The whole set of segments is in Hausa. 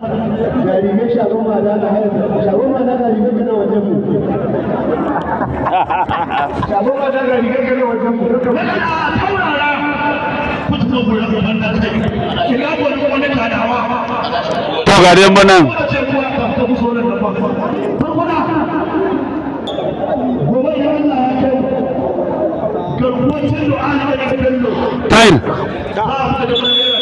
jarimai da shagon ma da jarimai wajen mu da jarimai kana wajen mu da tayin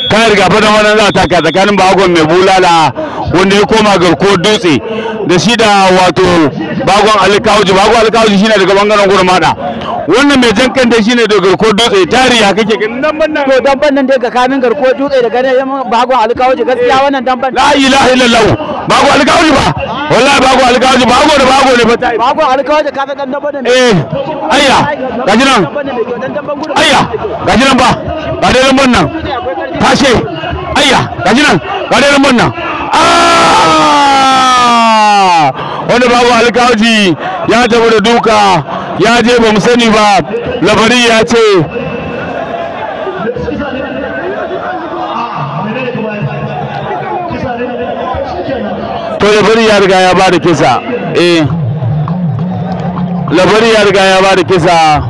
tayin ga da wannan za a taka tsakanin bagon mai bulala wanda ya koma garko dutse da shi da wato bagon alikawuji bagon alikawuji shine daga bangaren gurmada wannan mai jan kan shine da garko dutse tari ya kake ganin dan bannan to dan bannan dai ga kamin garko dutse da ganin bagon alikawuji gaskiya wannan dan bannan la ilaha illallah bagon alikawuji ba wallahi bago alkawaji bago da bago ne fata bago alkawaji ka dan damba ne eh ayya gaji nan ayya gaji nan ba ga dai lambar nan tashi ayya gaji nan ga dai lambar nan ah! wanda bago alkawaji ya tafi da duka ya je ba mu sani ba labari ya ce labari ya riga ya bada kisa eh labari ya riga ya bada kisa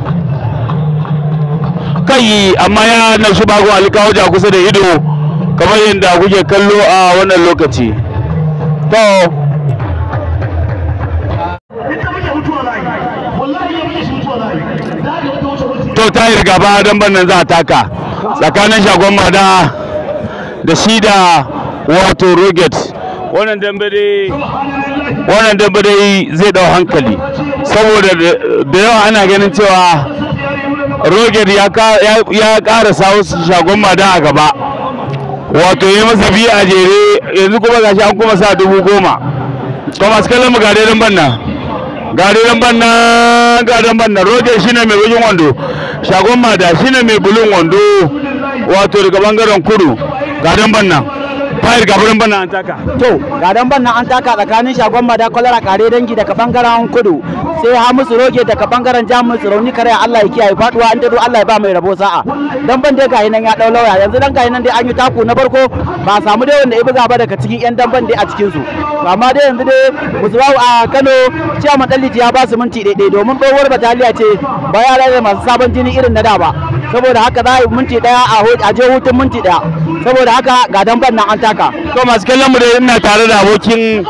kai amma ya nafsu bago alkawaja kusa da ido kamar yadda kuke kallo a wannan lokaci to to ta yi gaba don bannan za a taka tsakanin shagon mada da shi da wato roget wannan dambe dai wannan dambe dai zai dau hankali saboda da yawa ana ganin cewa roger ya sawo su shagon mada a gaba wato yi masa biyu a jere yanzu kuma gashi an kuma sa dubu goma thomas kallon mu gare dan banna gare dan banna gare dan banna roger shine mai bugin wando shagon mada shine mai bulun wando wato daga bangaren kudu gare dan banna Fahir ga furen banna an taka. To, ga dan banna an taka tsakanin shagon mada kwalara kare dangi daga bangaren kudu. Sai Hamisu Roge daga bangaren Jamus Rauni kare Allah ya kiyaye faduwa an dado Allah ya ba mai rabo sa'a. Dan ban dai ga nan ya dau lawaya yanzu dan ga nan dai an yi taku na farko ba samu dai wanda ya buga ba daga cikin yan dan ban dai a cikin su. Amma dai yanzu dai Musubawu a Kano cewa Madalliti ya ba su minti daidai domin tsohuwar bataliya ce ba ya rage masu sabon jini irin na da ba. Saboda haka za a yi minti daya a je hutun minti daya. Saboda haka ga dan ban nan an taka haka to masu kallon mu da ina tare da abokin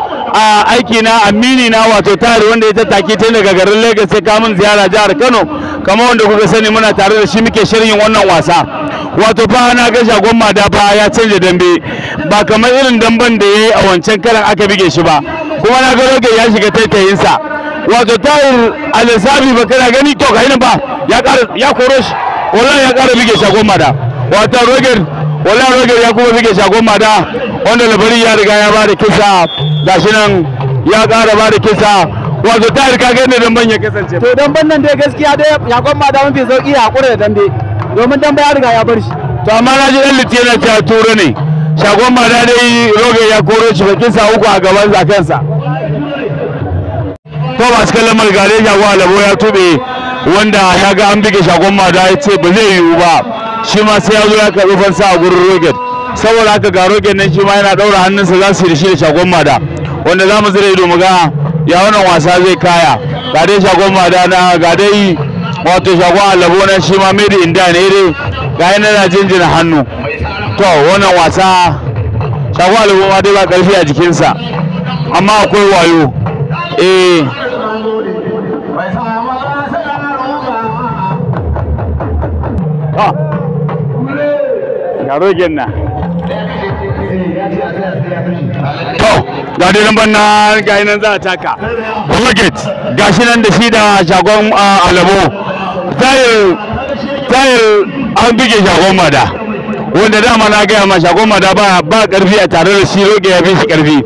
aiki na amini na wato tare wanda ya tattaki tun daga garin Lagos ka kamun ziyara jihar Kano kamar wanda kuka sani muna tare da shi muke shirin wannan wasa wato fa na ga shagon mada fa ya canja dambe ba kamar irin damben da ya yi a wancan karan aka bige shi ba kuma na ga roge ya shiga taitayin sa wato tayin alisabi ba kana gani to ga ba ya koro shi wallahi ya kara bige shagon mada wato roger wallahi roger ya kuma fike shagon mata wanda labari ya riga ya bada kisa gashi nan ya kara bada kisa wato ta riga gane dan ban ya kasance to dan ban nan dai gaskiya dai shagon mata mun fi sauki ya hakura da dambe domin dambe ya riga ya bar shi to amma na ji dan litiya na ta turo ne shagon mata dai roger ya koro shi bakin sa uku a gaban zakansa ko ba su lamar gare shagon alabo ya tube wanda ya ga an bige shagon mata ya ce ba zai yiwu ba shi ma sai ya zo ya karɓi fansa a gurin roget saboda haka ga roget nan shi ma yana ɗaura hannunsa za su yi da shi da shagon mada wanda za mu zira ido mu ga ya wannan wasa zai kaya ga dai shagon mada na ga dai wato shagon alabo nan shi ma made in da ne dai ga yana na jinjina hannu to wannan wasa shagon alabo ma dai ba ƙarfi a jikinsa amma akwai wayo eh Ah. yaro genna to ga dai lambar na gayi nan za a taka ga shi nan da shi da shagon alamo tayil tayil an bige shagon mada wanda dama na gaya ma shagon mada ba ba karfi a tare da shi roge ya fi shi karfi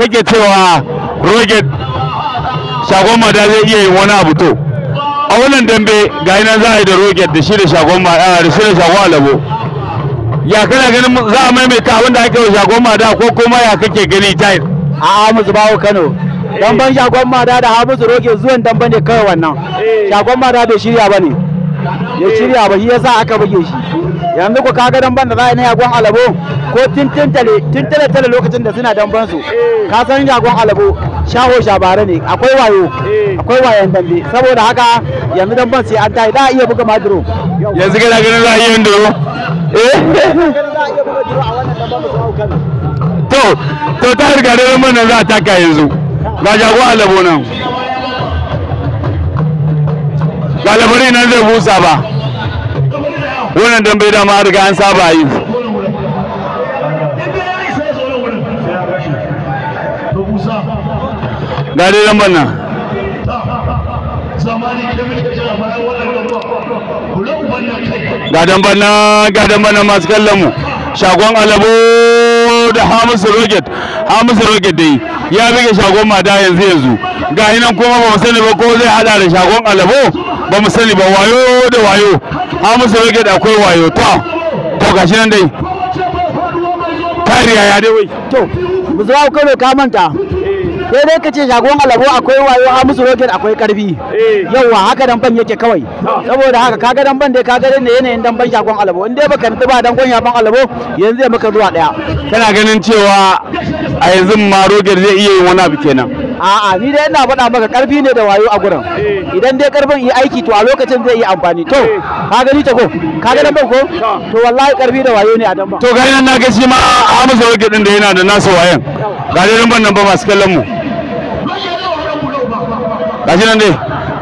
kake cewa roge shagon mada zai iya yin wani abu to a wannan dambe ga nan za a yi da roget da shi da shagon da alabo ya kana ganin za a maimaita abin da ake wa shagon mada ko kuma ya kake gani jahil a amusu bawo kano damban shagon mada da amusu roke zuwan damban ne kawai wannan shagon mada bai shirya ba ne ya shirya ba shi yasa aka buge shi yanzu ku kaga damban da za a yi na yagon alabo ko tintintale tintale tale lokacin da suna damban su ka san yagon alabo shaho shabara ne akwai wayo akwai wayan dambe saboda haka yanzu damban sai an tayi za a iya buga maduro yanzu gada ganin za a iya yin doro to to ta riga da mana za ta ka yanzu ga jago alabo nan ga labari nan zai busa ba wannan dambe da ma riga an saba yi ga dai lambar nan zamani da jira bayan wannan kula kai gadan bana gadan bana masu kallon mu shagon alabo da hamisu roket hamisu roket dai ya bige shagon mada yanzu yanzu ga nan kuma ba mu sani ba ko zai hada da shagon alabo ba mu sani ba wayo da wayo hamisu roket akwai wayo ta to gashi nan dai kariya ya dai wai to mu zo ka manta sai dai ka ce shagon alabo akwai wayo musu roket akwai karfi eh. yauwa haka dan ban yake kawai ah. saboda haka kaga dan ban dai kaga dai yanayin dan ban shagon alabo in dai baka nufi ba dan gonya ban alabo yanzu zai maka zuwa daya kana ganin cewa a yanzu ma roket zai iya yin wani abu kenan a'a ni dai ina faɗa maka ƙarfi ne da wayo a gurin eh. idan dai karfin yi aiki to a lokacin zai yi amfani to eh. ka gani ta ko ka ga dan ko ah. to wallahi ƙarfi da wayo ne a dan to ga nan na ga shi ma a musu Zawage din da yana da nasa wayan ga dan ban nan ba masu kallon mu gashi nan dai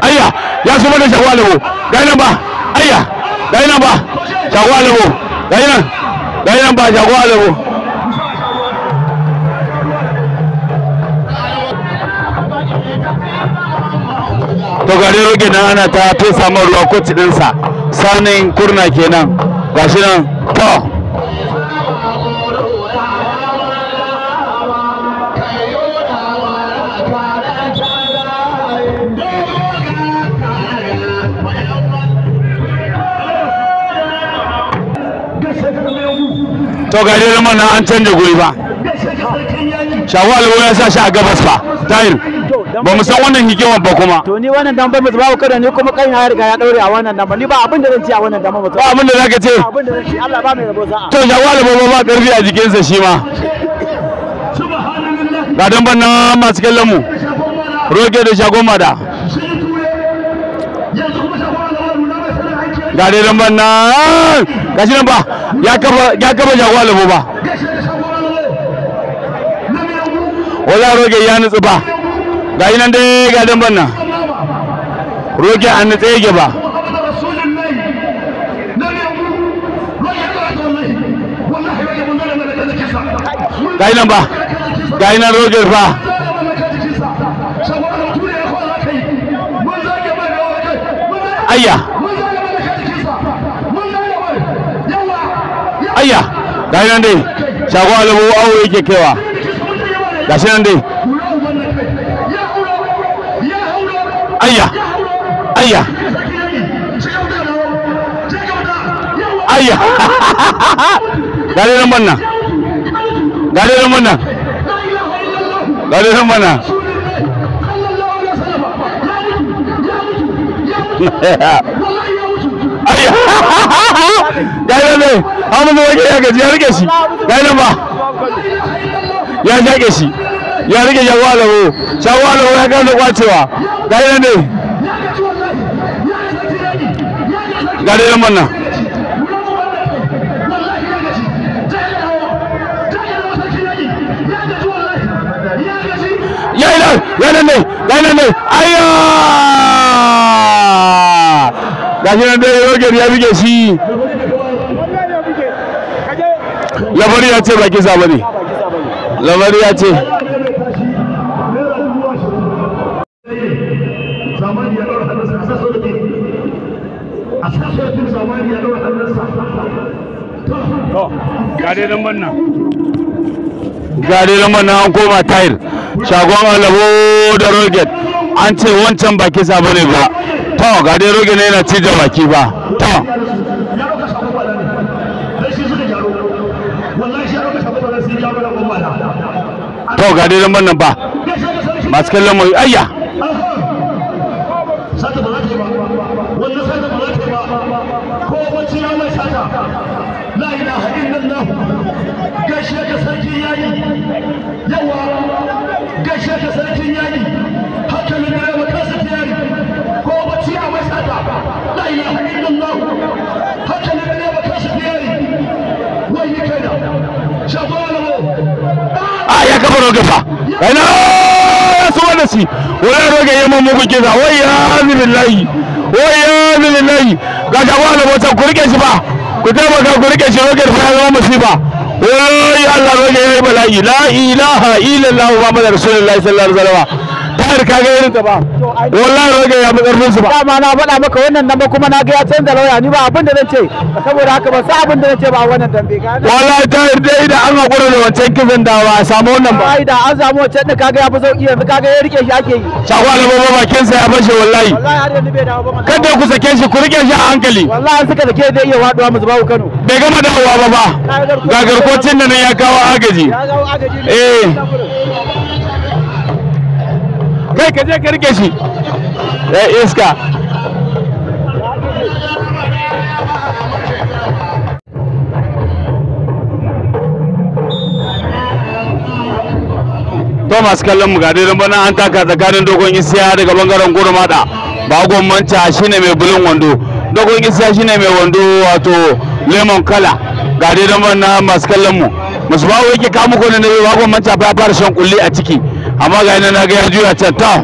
ayya ya su da shagwa lebo gashi nan ba ayya gashi nan ba shagwa lebo gashi nan gashi nan ba shagwa lebo to gari roge nan ana ta fesa ruwa ko ɗinsa sanin kurna kenan gashi nan to to ga dai lamar nan an canja guri ba shago alwo ya sa shi a gabas fa tayir ba mu san wannan hikimar ba kuma to ni wannan dan bai babu kada ne kuma kai ya riga ya daure a wannan dan ba ni ba abin da zan ci a wannan dan ba abin da zaka ce abin da zan ci Allah ba mai rabo sa'a to shago alwo ba ba karfi a jikin sa shi ma ga dan ban nan masu kallon mu roke da shagoma da ga dai nan ban nan ga shi nan ba ya kafa ya kafa jagowa labo ba wala roge ya nutsu ba ga yi nan dai ga dan ban nan roge an nutse yake ba ga yi nan ba ga yi nan roge ba ayya ayya gashi nan dai shago alabu awo yake kaiwa gashi nan dai ayya ayya ayya gari nan banna gari nan banna gari nan banna ayya gari nan dai Ahmad Wage ya gaji ya rike shi ga nan ba ya jake shi ya rike Shagu Alawo Shagu Alawo ya gane kwacewa ga nan ne ga nan wannan ya ilan ya nan ne ga nan ne ayya ga nan dai ya rike shi lamari ya ce baki kisa ba lamari ya ce gare nan manna gare nan an koma tayil shagon alabo da roget an ce wancan baki kisa bane ba to gare roget ne yana ci da baki ba to to ga dai lambar nan ba masu kallon mu ayya roga fa ina su wanda si wala roga yamma mu kuke wai ya billahi wai ya billahi ga ga wala mota ku rike shi ba ku taimaka ku rike shi roga fa ya zama musiba wai Allah roga yayi bala'i la ilaha illallah muhammadur rasulullahi sallallahu alaihi wasallam ka ga irin ta ba wallahi roga ya mu karfin su ba dama na faɗa maka wannan nan ba kuma na ga ya canza lauya ni ba abin da nace saboda haka ba sa abin da nace ba wannan dambe wallahi ta dai da an hakura da wancan kifin da ba samu wannan ba ai da an samu wancan da kaga ya fi sauki yanzu kaga ya rike shi ake yi shagwa da baba bakin sa ya fashe wallahi wallahi har yanzu bai dawo ba kada ku sake shi ku rike shi a hankali wallahi an suka sake zai iya waduwa mu zubawu Kano bai gama dawowa ba ba gagarkocin da nan ya kawo agaji eh kai ka je ka rike shi ya eh, iska to masu kallon mu ga daidan bana an taka tsakanin dogon isiya daga bangaren gurmada bagon manta shine mai bulin wando dogon isiya shine mai wando wato lemon kala ga daidan bana masu kallon mu musu bawo yake kamu kone na bagon manta ba fara shan kulli a ciki amma ga yana na ga ya juya can ta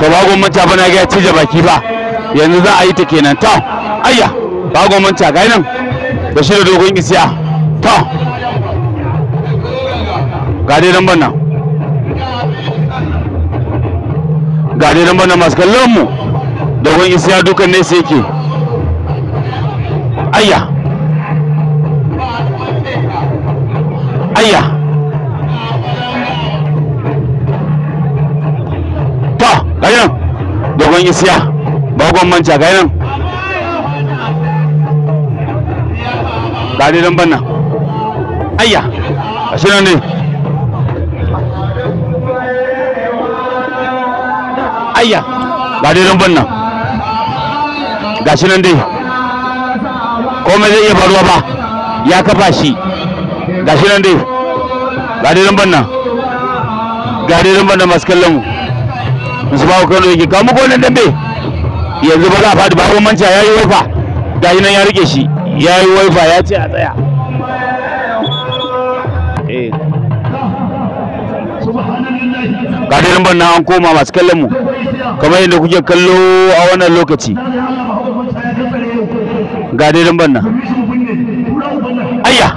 to bagon manta ba na ga ya cije baki ba yanzu za a yi ta kenan ta ayya ba manta ga nan da shi da dogon isiya ta ga dai nan banna ga dai nan banna masu kallon mu dogon isiya dukan ne sai yake ayya ayya dan isiya bagon manja ga nan ba dai dan banna ayya ashe nan ne ayya ba dai dan banna shi nan dai komai zai iya faruwa ba ya kafa shi ga shi nan dai ga dai dan banna ga dai dan banna masu kallon mu musu ba kano yake kamu muku wannan dambe yanzu ba za a faɗi babu manta ya yi waifa ga yi nan ya rike shi ya yi waifa ya ce a tsaya gadirin ban na an koma masu kallon mu kamar yadda kuke kallo a wannan lokaci gadirin ban na ayya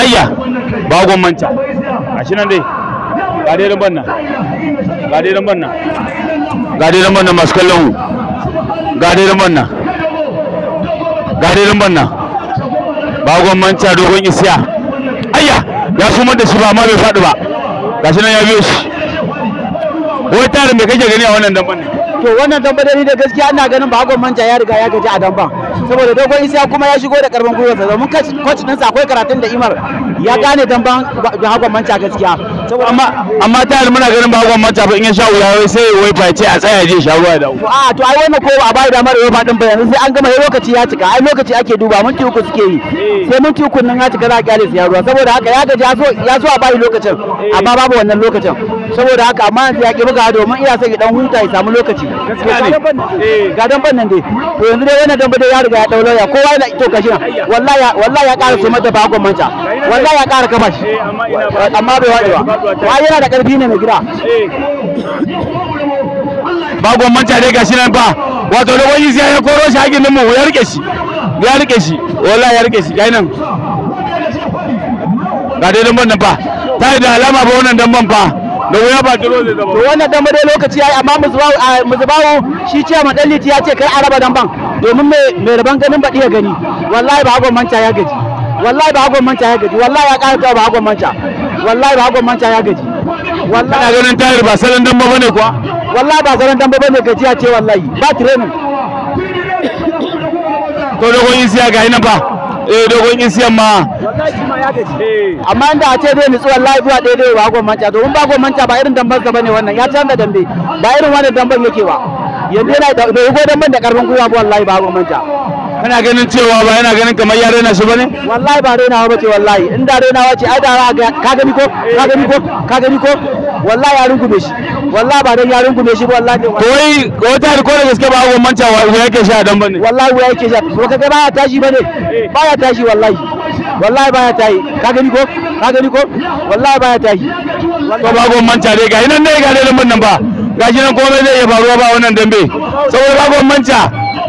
ayya bagon manta a shi nan dai gadirin ban na ga dai lambar nan ga dai masu kallon mu ga dai lambar nan ga bagon manca dogon isiya ayya ya sumar da shi ba amma bai faɗi ba gashi nan ya biyo shi wai tarin me kake gani a wannan damban ne to wannan damban dai da gaskiya ina ganin bagon manca ya riga ya gaji a damban saboda dogon isiya kuma ya shigo da karban gwiwarsa domin coach ɗinsa akwai karatun da imar ya gane damban bagon manca gaskiya amma amma ta muna ganin bagon mata ba in ya sha wuya sai wai face a tsaya je sha ruwa da uku to ai wannan ko a bai da mara yofa bayanan sai an gama lokaci ya cika ai lokaci ake duba minti uku suke yi eh. sai minti uku nan ya cika za a kyale su ya ruwa saboda haka ya gaji ya so a bai lokacin amma babu wannan lokacin saboda haka amma yanzu ya ke buga domin iya son ya dan hunta ya samu lokaci ga dan eh. ban nan dai to yanzu dai wannan dan dai ya riga ya daula ya kowa yana to gashi nan wallahi wallahi ya ƙara su mata bakon manta wallahi ya ƙara kafa shi eh, amma bai ba wai yana da karfi ne mai gida eh. Bakon manta dai gashi nan ba wato lokacin sai ya koro shi hakin mu ya rike shi ya rike shi wallahi ya rike shi gai nan ga dai ban nan ba ta da alama ba wannan damban fa da wuya ba dalo zai zama to wannan dan dai lokaci yayi amma muzubawu shi ce ma dan liti ya ce kar a raba dan ban domin mai raban ganin ba iya gani wallahi ba hagon manta ya gaji wallahi ba hagon manta ya gaji wallahi ya ƙara ba hagon manta wallahi ba hagon manta ya gaji wallahi kana ganin tayar ba salon dan ba bane kuwa wallahi ba salon dan ba bane gajiya ce wallahi ba training ko dogon isiya ga ina ba eh dogon isiyan ma amma inda a ce zai nutsu wallahi zuwa daidai ba gwan manta domin ba gwan manta ba irin dambar sa bane wannan ya canza dambe ba irin wannan dambar yake ba yanzu yana da yugo damban da karfin gwiwa ba wallahi ba gwan manta kana ganin cewa ba yana ganin kamar ya raina shi bane wallahi ba rainawa bace wallahi in da rainawa ce ai da ka gani ko ka gani ko ka gani ko wallahi ya rungume shi wallahi ba dan ya rungume shi ba wallahi to wai ga wata ko da gaske ba agon manta wa yake sha dan bane wallahi wa yake sha to kaga baya tashi bane baya tashi wallahi wallahi baya tashi ka gani ko ka gani ko wallahi baya tashi to ba agon manta dai ga nan ne ga dai nan ba gashi nan komai zai iya faruwa ba wannan dambe saboda ba agon manta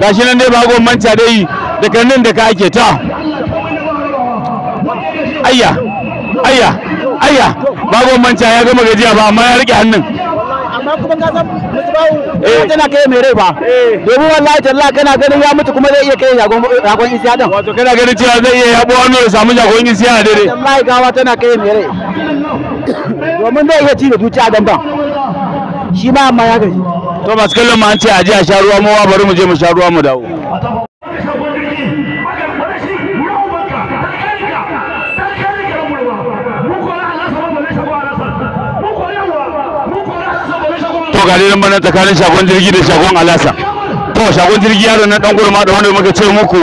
gashi nan dai ba agon manta dai daga nan da ka ake ta ayya ayya ayya babu manca ya gama gajiya ba amma ya rike hannun amma kuma ka san musbahu eh. eh, tana kai mai rai ba eh. domin wallahi talla kana ganin ya mutu kuma zai iya kai jagon jagon isiya din wato kana ganin cewa zai iya yabo wani ya samu jagon isiya dare wallahi gawa tana kai mai rai domin zai iya ci da duci dan ban shi ma amma ya gaji to masu kallon ma an ce a ji a sha ruwa mu wa bari mu je mu sha ruwa mu dawo yau nan bana tsakanin shagon jirgi da shagon alasa to shagon jirgi yaron nan dan gurma da wanda muka ce muku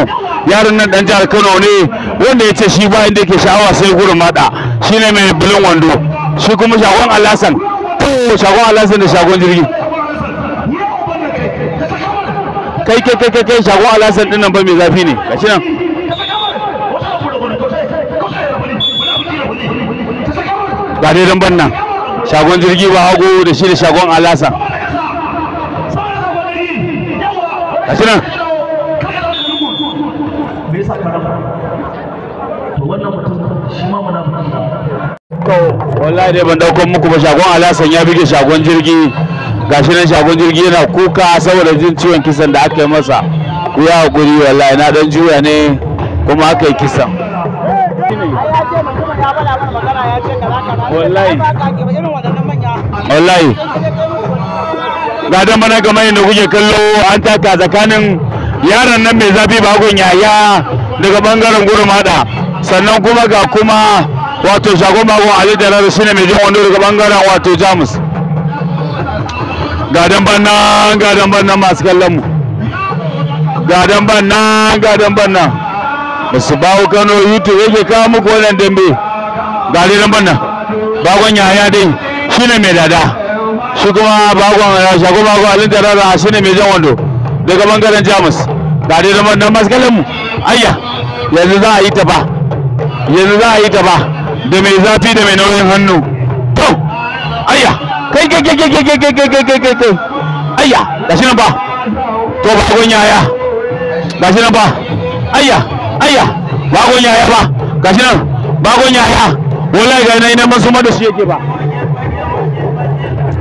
yaron nan dan jihar Kano ne wanda ya ce shi ba inda yake sha'awa sai gurma da shine mai bulin wando shi kuma shagon alasan to shagon alasan da shagon jirgi kai kai kai kai shagon alasan din nan ba mai zafi ne gashi nan ga dai ban nan shagon jirgi ba hagu da shi da shagon alasa gashi nan wallahi dai ban daukan muku ba shagon alasan ya bige shagon jirgi gashi nan shagon jirgi yana kuka saboda jin ciwon kisan da aka yi masa ku yi haƙuri, wallahi na dan juya ne kuma aka yi kisan wallahi wallahi ga dan bana kamar yadda kuke kallo an taka tsakanin yaran nan mai zafi bagon yaya daga bangaren hada sannan kuma ga kuma wato shagon bagon ali da rarra shine mai jin daga bangaren wato jamus ga dan bana ga dan bana masu kallon mu ga dan bana ga dan bana su bawo kano youtube yake kawo muku wannan dambe ga dan bana bagon yaya dai shi ne mai dada shi kuma bakon shago bakon alin rara shi ne mai jan wando daga bangaren jamus ga dai zama nan maskalin mu ayya yanzu za a yi ta ba yanzu za a yi ta ba da mai zafi da mai nauyin hannu to ayya kai kai kai kai kai kai kai kai kai kai ayya ga shi nan ba to bakon yaya ga shi nan ba ayya ayya bakon yaya ba ga shi nan bakon yaya wallahi ga nan nan ban suma da shi yake ba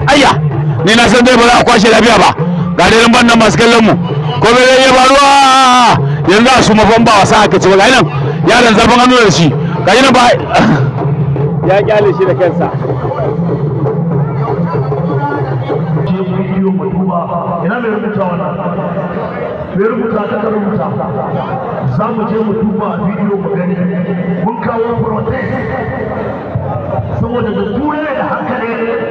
ayya ni na san dai ba za a kwashe lafiya ba ga dai ban nan masu kallon mu ko bai zai iya faruwa yanzu a su mafan ba wasa aka ce ba nan yaron zafin hannu da shi ga nan ba ya kyale shi da kansa ina mai rubuta wannan mai rubuta ta rubuta za mu je mu duba bidiyo mu gani mun kawo protest saboda da turai da hankali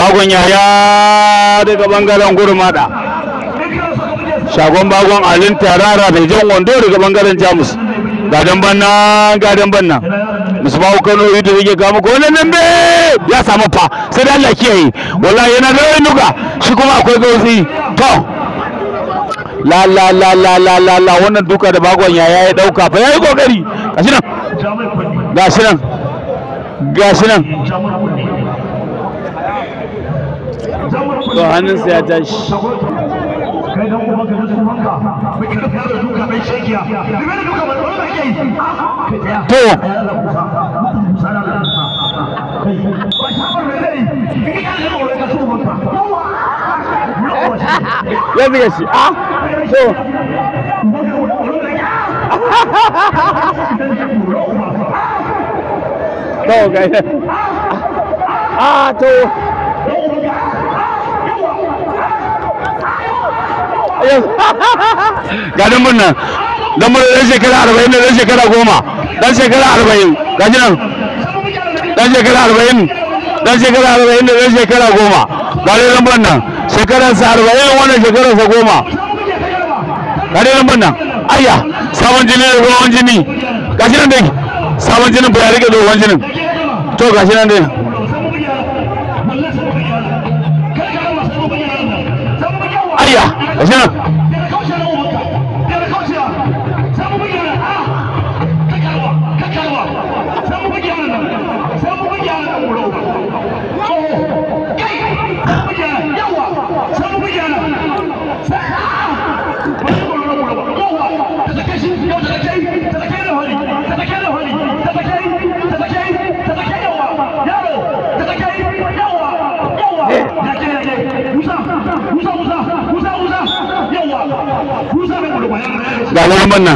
bagon yaya daga bangaren gurmada shagon bagon alin tarara da jan wando daga bangaren jamus gadon banna gadon banna musbahu kano yadda yake ga gamu ko nan be ya samu fa sai da Allah kiyaye wallahi yana da nuka shi kuma akwai gausi to la la la la la la la wannan duka da bagon yaya ya dauka fa yayi kokari gashi nan gashi nan gashi nan to hannunsa ya tashi kai dan ka mai da duka mai shekiya da duka to ya biya shi a ah, to to ah, to ga dambun nan mun dan shekara arba'in dan shekara goma dan shekara arba'in gaji nan dan shekara arba'in dan shekara arba'in dan shekara goma ga dai dambun nan shekara arba'in wannan shekara goma ga dai dambun nan ayya sabon jini ko ruwan jini gaji shi nan dai sabon jinin ba ya rike dogon jinin to gaji shi nan dai ayya Musa, Musa, Musa, Musa, Musa. ga mana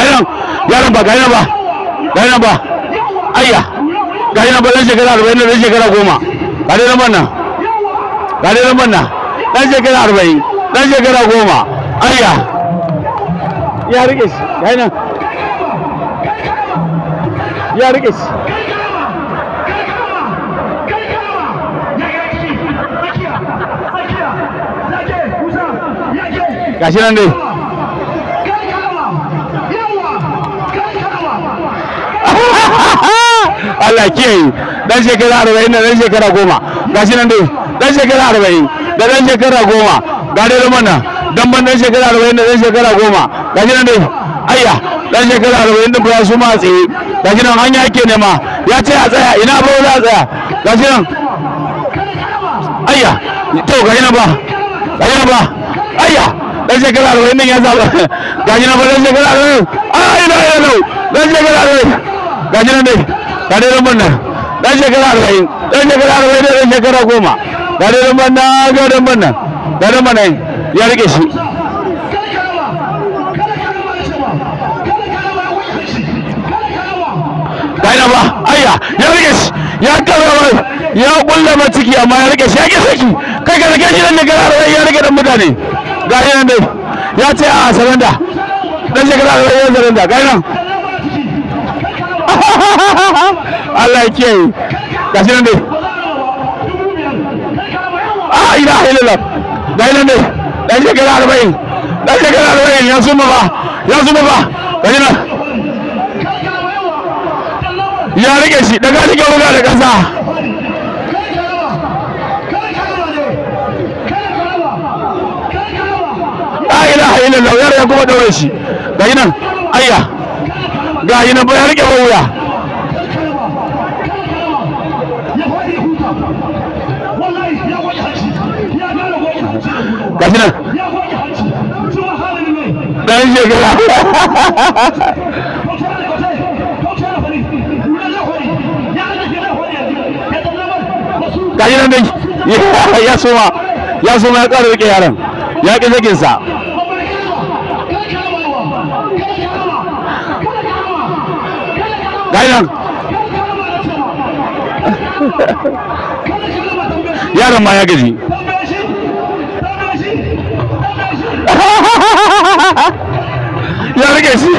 nan gayan yaran ba gayan ba gayan ba ayya gayan ba dan shekara 40 dan shekara goma, ga dai lamban nan ga shekara arba'in, dan shekara goma, ayya ya rike shi gayan ya rike shi gashi nan dai Allah kiyaye dan shekara arba'in da dan shekara goma gashi nan dai dan shekara arba'in da dan shekara goma ga dai mana dan ban dan shekara arba'in da dan shekara goma gashi nan dai ayya dan shekara arba'in din fa su ma tsaye gashi nan hanya yake nema ya ce a tsaya ina ba za a tsaya gashi nan ayya to gashi nan ba gashi nan ba ayya dan shekara arba'in nan ya saba gashi nan ba dan shekara arba'in a ina ina nau dan shekara arba'in gashi nan dai ga dai lambar nan dan shekara arba'in dan shekara arba'in ya amma ya ka rike mutane ga yanan dai ya ce a saranda dan shekara da yayin saranda ga nan Allah ya kiyaye ga shi nan dai a ina illallah ga nan dai dan shekara 40 dan shekara 40 ya suma ba ya suma ba ga nan ya rike shi daga rike ruga da kasa da illallah ya riga kuma daure shi ga yi nan ayya ga yi nan bayan rike wuya ga shi nan ɗan shekara ga yi nan dai ya suma ya suma ya ƙara rike yaran ya ƙi sakinsa gainan yaron ma ya gaji ya rike shi